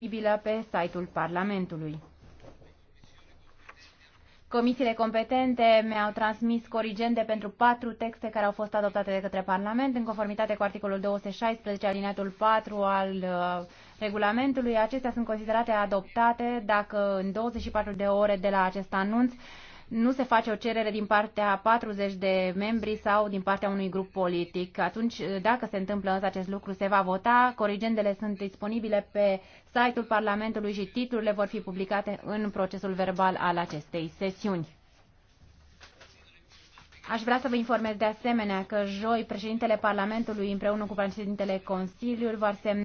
disponibilă pe site-ul Parlamentului. Comisiile competente mi-au transmis corigente pentru patru texte care au fost adoptate de către Parlament în conformitate cu articolul 216 alineatul 4 al uh, regulamentului. Acestea sunt considerate adoptate dacă în 24 de ore de la acest anunț nu se face o cerere din partea 40 de membri sau din partea unui grup politic. Atunci, dacă se întâmplă însă acest lucru, se va vota. Corigendele sunt disponibile pe site-ul Parlamentului și titlurile vor fi publicate în procesul verbal al acestei sesiuni. Aș vrea să vă informez de asemenea că joi președintele Parlamentului împreună cu președintele Consiliului vor semna